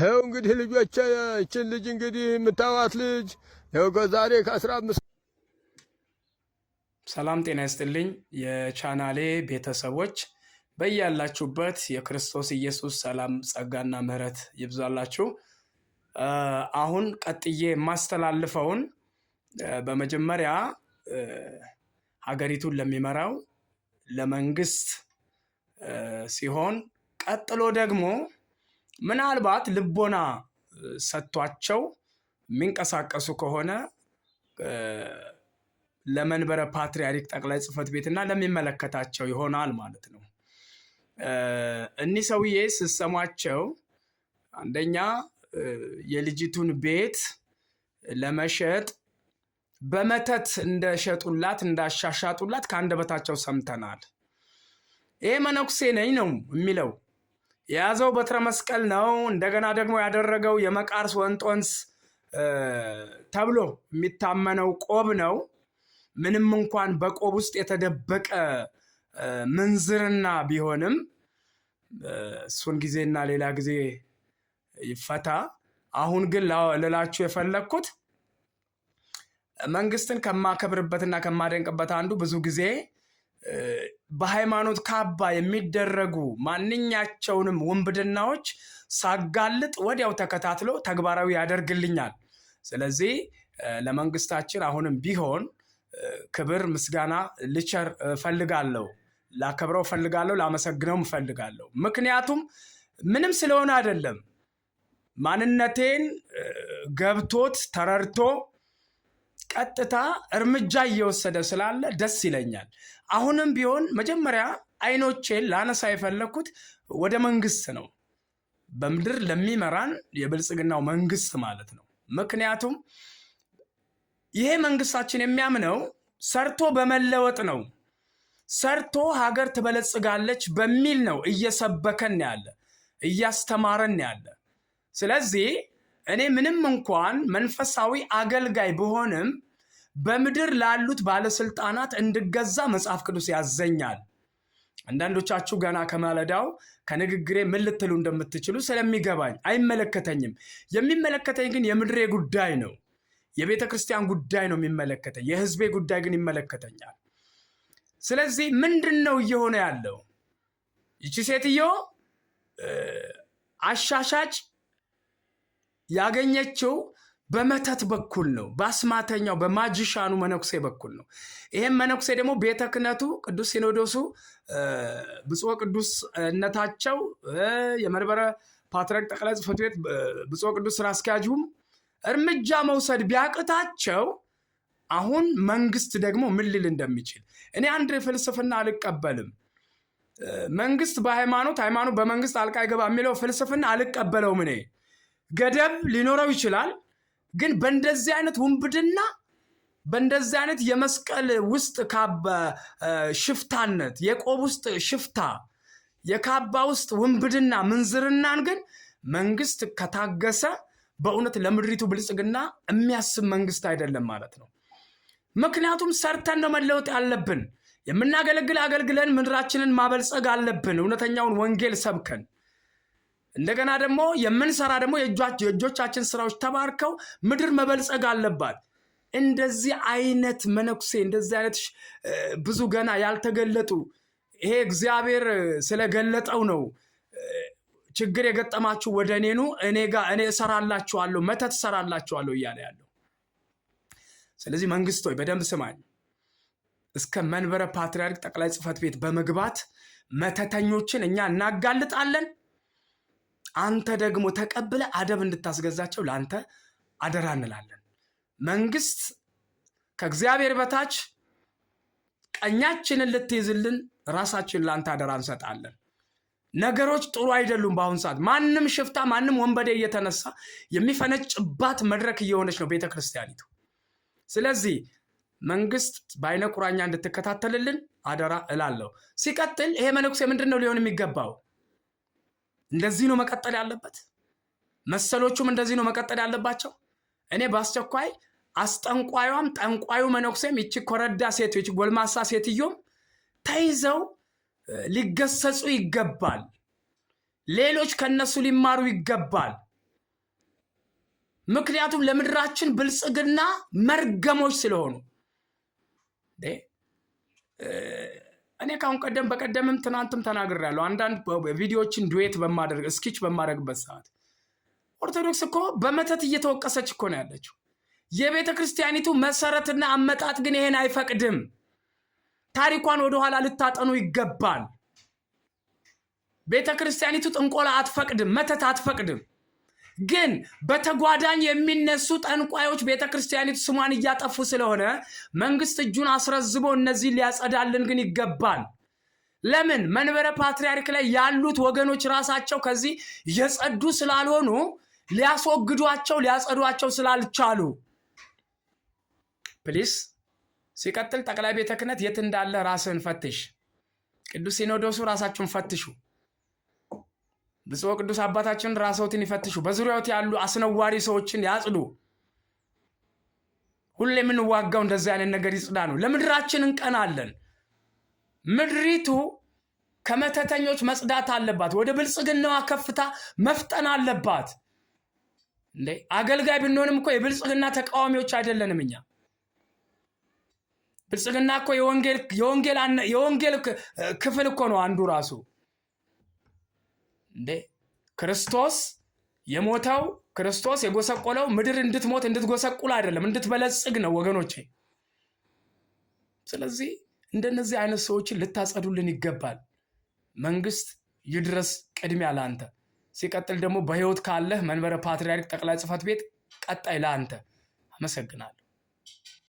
ይኸው እንግዲህ ልጆቼ ይችን ልጅ እንግዲህ የምታዋት ልጅ ይኸው ከዛሬ ከአስራ አምስት ሰላም ጤና ይስጥልኝ የቻናሌ ቤተሰቦች በያላችሁበት የክርስቶስ ኢየሱስ ሰላም ጸጋና ምሕረት ይብዛላችሁ። አሁን ቀጥዬ የማስተላልፈውን በመጀመሪያ ሀገሪቱን ለሚመራው ለመንግስት ሲሆን ቀጥሎ ደግሞ ምናልባት ልቦና ሰጥቷቸው የሚንቀሳቀሱ ከሆነ ለመንበረ ፓትርያርክ ጠቅላይ ጽህፈት ቤትና ለሚመለከታቸው ይሆናል ማለት ነው። እኒህ ሰውዬ ስሰሟቸው አንደኛ የልጅቱን ቤት ለመሸጥ በመተት እንደሸጡላት እንዳሻሻጡላት ከአንደበታቸው ሰምተናል። ይሄ መነኩሴ ነኝ ነው የሚለው የያዘው በትረ መስቀል ነው። እንደገና ደግሞ ያደረገው የመቃርስ ወንጦንስ ተብሎ የሚታመነው ቆብ ነው። ምንም እንኳን በቆብ ውስጥ የተደበቀ ምንዝርና ቢሆንም እሱን ጊዜና ሌላ ጊዜ ይፈታ። አሁን ግን ልላችሁ የፈለግኩት መንግስትን ከማከብርበትና ከማደንቅበት አንዱ ብዙ ጊዜ በሃይማኖት ካባ የሚደረጉ ማንኛቸውንም ውንብድናዎች ሳጋልጥ ወዲያው ተከታትሎ ተግባራዊ ያደርግልኛል። ስለዚህ ለመንግስታችን አሁንም ቢሆን ክብር ምስጋና ልቸር እፈልጋለሁ። ላከብረው እፈልጋለሁ። ላመሰግነውም እፈልጋለሁ። ምክንያቱም ምንም ስለሆነ አይደለም ማንነቴን ገብቶት ተረድቶ ቀጥታ እርምጃ እየወሰደ ስላለ ደስ ይለኛል። አሁንም ቢሆን መጀመሪያ አይኖቼን ላነሳ የፈለግኩት ወደ መንግስት ነው፣ በምድር ለሚመራን የብልጽግናው መንግስት ማለት ነው። ምክንያቱም ይሄ መንግስታችን የሚያምነው ሰርቶ በመለወጥ ነው፣ ሰርቶ ሀገር ትበለጽጋለች በሚል ነው እየሰበከን ያለ እያስተማረን ያለ ስለዚህ እኔ ምንም እንኳን መንፈሳዊ አገልጋይ ብሆንም በምድር ላሉት ባለስልጣናት እንድገዛ መጽሐፍ ቅዱስ ያዘኛል። አንዳንዶቻችሁ ገና ከማለዳው ከንግግሬ ምን ልትሉ እንደምትችሉ ስለሚገባኝ አይመለከተኝም። የሚመለከተኝ ግን የምድሬ ጉዳይ ነው። የቤተ ክርስቲያን ጉዳይ ነው የሚመለከተኝ። የህዝቤ ጉዳይ ግን ይመለከተኛል። ስለዚህ ምንድን ነው እየሆነ ያለው? ይቺ ሴትዮ አሻሻጭ ያገኘችው በመተት በኩል ነው። በአስማተኛው በማጅሻኑ መነኩሴ በኩል ነው። ይህም መነኩሴ ደግሞ ቤተ ክህነቱ ቅዱስ ሲኖዶሱ ብፁዕ ቅዱስነታቸው የመንበረ ፓትርያርክ ጠቅላይ ጽሕፈት ቤት ብፁዕ ቅዱስ ስራ አስኪያጁም እርምጃ መውሰድ ቢያቅታቸው አሁን መንግስት ደግሞ ምን ሊል እንደሚችል እኔ አንድ ፍልስፍና አልቀበልም። መንግስት በሃይማኖት ሃይማኖት በመንግስት አልቃ ይገባ የሚለው ፍልስፍና አልቀበለውም እኔ ገደብ ሊኖረው ይችላል። ግን በእንደዚህ አይነት ውንብድና በእንደዚህ አይነት የመስቀል ውስጥ ሽፍታነት፣ የቆብ ውስጥ ሽፍታ፣ የካባ ውስጥ ውንብድና ምንዝርናን ግን መንግስት ከታገሰ በእውነት ለምድሪቱ ብልጽግና የሚያስብ መንግስት አይደለም ማለት ነው። ምክንያቱም ሰርተን ነው መለወጥ ያለብን። የምናገለግል አገልግለን ምድራችንን ማበልጸግ አለብን። እውነተኛውን ወንጌል ሰብከን እንደገና ደግሞ የምንሰራ ደግሞ የእጆቻችን ስራዎች ተባርከው ምድር መበልጸግ አለባት። እንደዚህ አይነት መነኩሴ እንደዚህ አይነት ብዙ ገና ያልተገለጡ ይሄ እግዚአብሔር ስለገለጠው ነው። ችግር የገጠማችሁ ወደ እኔኑ እኔ ጋር እኔ እሰራላችኋለሁ፣ መተት እሰራላችኋለሁ እያለ ያለው። ስለዚህ መንግስት ሆይ በደንብ ስማኝ። እስከ መንበረ ፓትርያርክ ጠቅላይ ጽህፈት ቤት በመግባት መተተኞችን እኛ እናጋልጣለን። አንተ ደግሞ ተቀብለ አደብ እንድታስገዛቸው ለአንተ አደራ እንላለን። መንግስት ከእግዚአብሔር በታች ቀኛችንን ልትይዝልን ራሳችን ለአንተ አደራ እንሰጣለን። ነገሮች ጥሩ አይደሉም። በአሁን ሰዓት ማንም ሽፍታ፣ ማንም ወንበዴ እየተነሳ የሚፈነጭባት መድረክ እየሆነች ነው ቤተ ክርስቲያኒቱ። ስለዚህ መንግስት በአይነ ቁራኛ እንድትከታተልልን አደራ እላለሁ። ሲቀጥል ይሄ መነኩሴ ምንድን ነው ሊሆን የሚገባው? እንደዚህ ነው መቀጠል ያለበት። መሰሎቹም እንደዚህ ነው መቀጠል ያለባቸው። እኔ በአስቸኳይ አስጠንቋዩም ጠንቋዩ መነኩሴም ይቺ ኮረዳ ሴት ይቺ ጎልማሳ ሴትዮም ተይዘው ሊገሰጹ ይገባል። ሌሎች ከነሱ ሊማሩ ይገባል። ምክንያቱም ለምድራችን ብልጽግና መርገሞች ስለሆኑ እኔ ከአሁን ቀደም በቀደምም ትናንትም ተናግሬያለሁ። አንዳንድ ቪዲዮዎችን ዱዌት በማደርግ ስኪች በማድረግበት ሰዓት ኦርቶዶክስ እኮ በመተት እየተወቀሰች እኮ ነው ያለችው። የቤተ ክርስቲያኒቱ መሰረትና አመጣጥ ግን ይሄን አይፈቅድም። ታሪኳን ወደኋላ ልታጠኑ ይገባል። ቤተ ክርስቲያኒቱ ጥንቆላ አትፈቅድም፣ መተት አትፈቅድም። ግን በተጓዳኝ የሚነሱ ጠንቋዮች ቤተ ክርስቲያኒቱ ስሟን እያጠፉ ስለሆነ መንግስት እጁን አስረዝቦ እነዚህ ሊያጸዳልን ግን ይገባል። ለምን መንበረ ፓትርያርክ ላይ ያሉት ወገኖች ራሳቸው ከዚህ የጸዱ ስላልሆኑ ሊያስወግዷቸው ሊያጸዷቸው ስላልቻሉ ፕሊስ። ሲቀጥል ጠቅላይ ቤተ ክህነት የት እንዳለ ራስህን ፈትሽ። ቅዱስ ሲኖዶሱ ራሳችሁን ፈትሹ። ብፁዕ ቅዱስ አባታችን ራስዎትን ይፈትሹ። በዙሪያዎት ያሉ አስነዋሪ ሰዎችን ያጽዱ። ሁሌ የምንዋጋው እንደዚህ አይነት ነገር ይጽዳ ነው። ለምድራችን እንቀናለን። ምድሪቱ ከመተተኞች መጽዳት አለባት። ወደ ብልጽግናዋ ከፍታ መፍጠን አለባት። እንዴ አገልጋይ ብንሆንም እኮ የብልጽግና ተቃዋሚዎች አይደለንም። እኛ ብልጽግና እኮ የወንጌል ክፍል እኮ ነው አንዱ ራሱ እንዴ ክርስቶስ የሞተው ክርስቶስ የጎሰቆለው ምድር እንድትሞት እንድትጎሰቁል አይደለም፣ እንድትበለጽግ ነው ወገኖቼ። ስለዚህ እንደነዚህ አይነት ሰዎችን ልታጸዱልን ይገባል። መንግስት ይድረስ ቅድሚያ ለአንተ። ሲቀጥል ደግሞ በህይወት ካለህ መንበረ ፓትርያርክ ጠቅላይ ጽፈት ቤት ቀጣይ ለአንተ። አመሰግናለሁ።